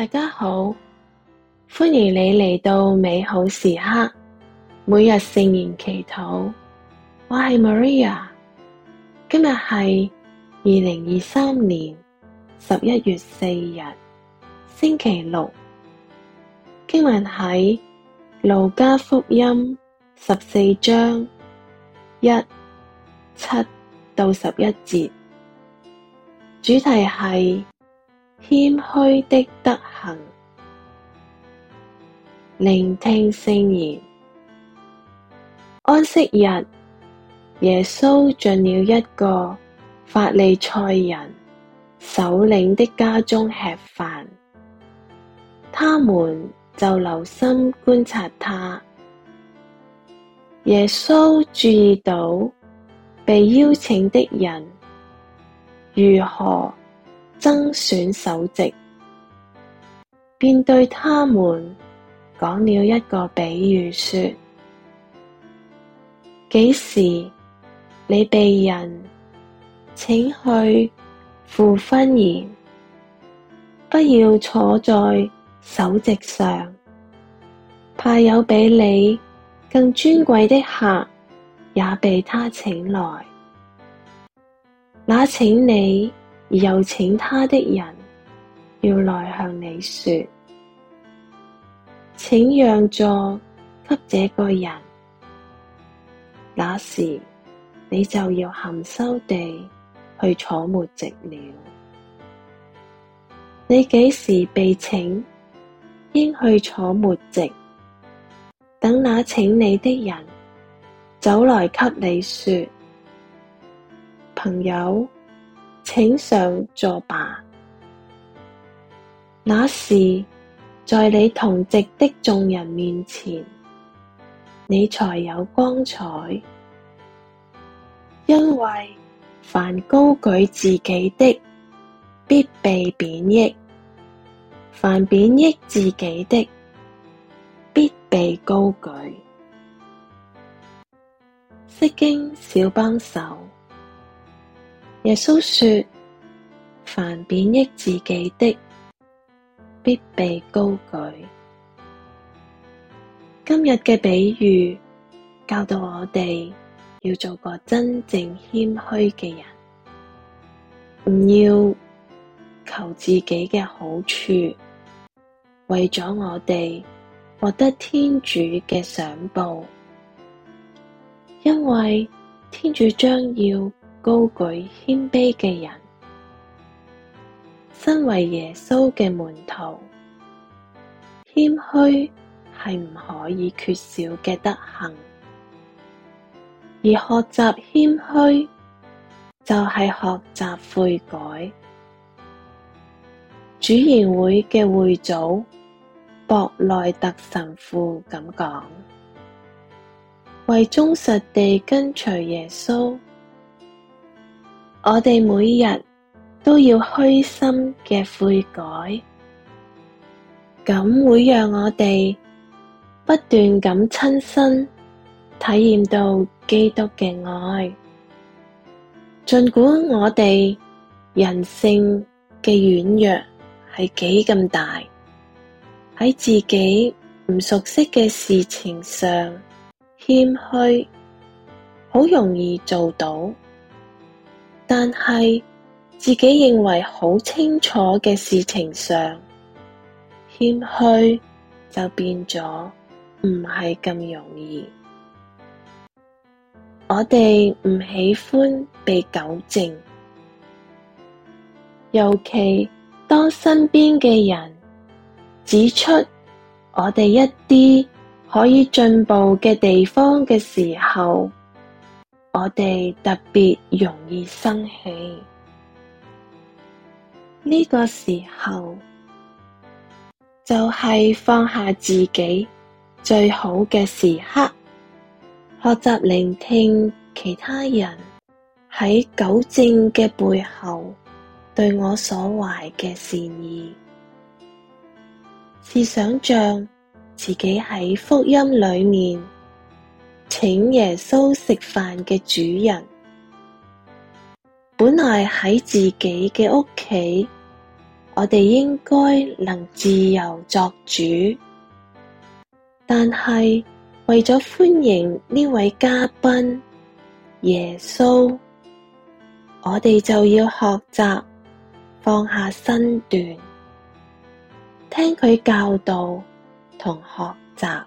大家好，歡迎你嚟到美好時刻，每日聖言祈禱。我係 Maria，今日係二零二三年十一月四日，星期六。經文喺路加福音十四章一七到十一節，主題係。謙虛的德行，聆聽聖言。安息日，耶穌進了一個法利賽人首領的家中吃飯，他們就留心觀察他。耶穌注意到被邀請的人如何。爭選首席，便對他們講了一個比喻，說：幾時你被人請去赴婚筵，不要坐在首席上，怕有比你更尊貴的客也被他請來，那請你。又請他的人要來向你說，請讓座給這個人。那時你就要含羞地去坐末席了。你幾時被請，應去坐末席。等那請你的人走來給你說，朋友。請上座吧。那時，在你同席的眾人面前，你才有光彩。因為凡高舉自己的，必被貶抑；凡貶抑自己的，必被高舉。釋經小幫手。耶穌說：凡貶抑自己的，必被高舉。今日嘅比喻教導我哋要做個真正謙虛嘅人，唔要求自己嘅好處，為咗我哋獲得天主嘅賞報，因為天主將要。高舉謙卑嘅人，身為耶穌嘅門徒，謙虛係唔可以缺少嘅德行。而學習謙虛，就係學習悔改。主言會嘅會祖博內特神父咁講，為忠實地跟隨耶穌。我哋每日都要虛心嘅悔改，咁會讓我哋不斷咁親身體驗到基督嘅愛。盡管我哋人性嘅軟弱係幾咁大，喺自己唔熟悉嘅事情上謙虛，好容易做到。但係自己認為好清楚嘅事情上，謙虛就變咗唔係咁容易。我哋唔喜歡被糾正，尤其當身邊嘅人指出我哋一啲可以進步嘅地方嘅時候。我哋特別容易生氣，呢、這個時候就係、是、放下自己最好嘅時刻，學習聆聽其他人喺糾正嘅背後對我所懷嘅善意，試想象自己喺福音裏面。請耶穌食飯嘅主人，本來喺自己嘅屋企，我哋應該能自由作主。但係為咗歡迎呢位嘉賓耶穌，我哋就要學習放下身段，聽佢教導同學習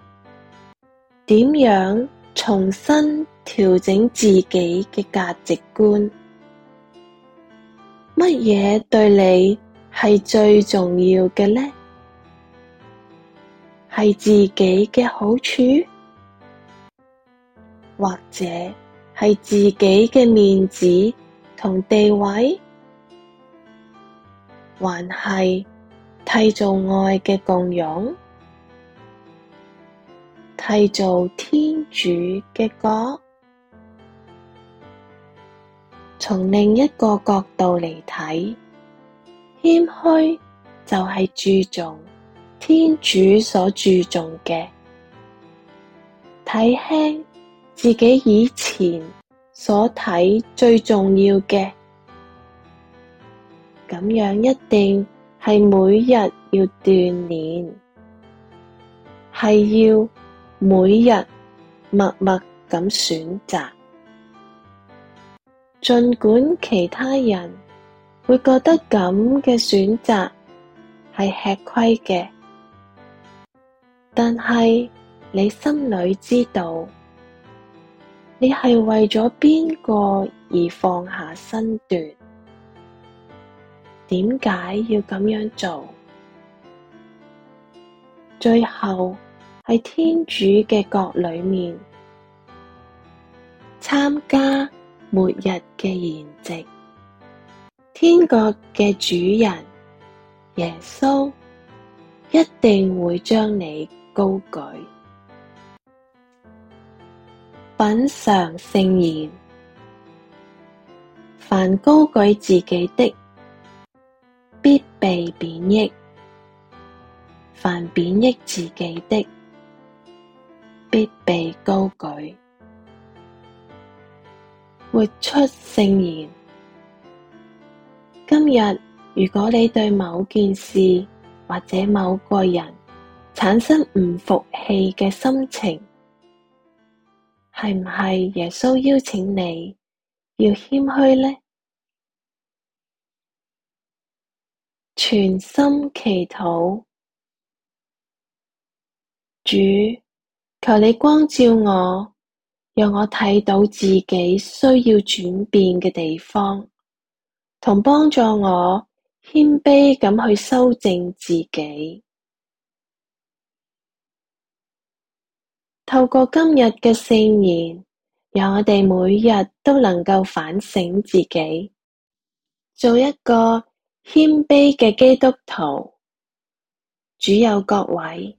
點樣。重新調整自己嘅價值觀，乜嘢對你係最重要嘅呢？係自己嘅好處，或者係自己嘅面子同地位，還係締造愛嘅共融？係做天主嘅國，從另一個角度嚟睇，謙虛就係注重天主所注重嘅，睇輕自己以前所睇最重要嘅，咁樣一定係每日要鍛鍊，係要。每日默默咁選擇，盡管其他人會覺得咁嘅選擇係吃虧嘅，但係你心裏知道，你係為咗邊個而放下身段，點解要咁樣做？最後。喺天主嘅國裏面參加末日嘅宴席，天國嘅主人耶穌一定會將你高舉。品嚐聖言，凡高舉自己的，必被貶抑，凡貶抑自己的。必被高舉，活出聖言。今日，如果你對某件事或者某個人產生唔服氣嘅心情，係唔係耶穌邀請你要謙虛呢？全心祈禱，主。求你光照我，讓我睇到自己需要轉變嘅地方，同幫助我謙卑咁去修正自己。透過今日嘅聖言，讓我哋每日都能夠反省自己，做一個謙卑嘅基督徒。主佑各位。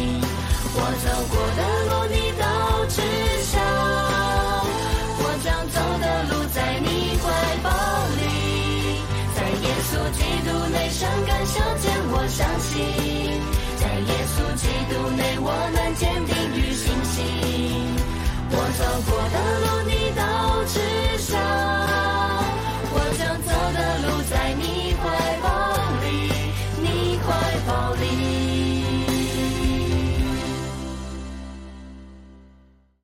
我們堅定與信心，我走過的路。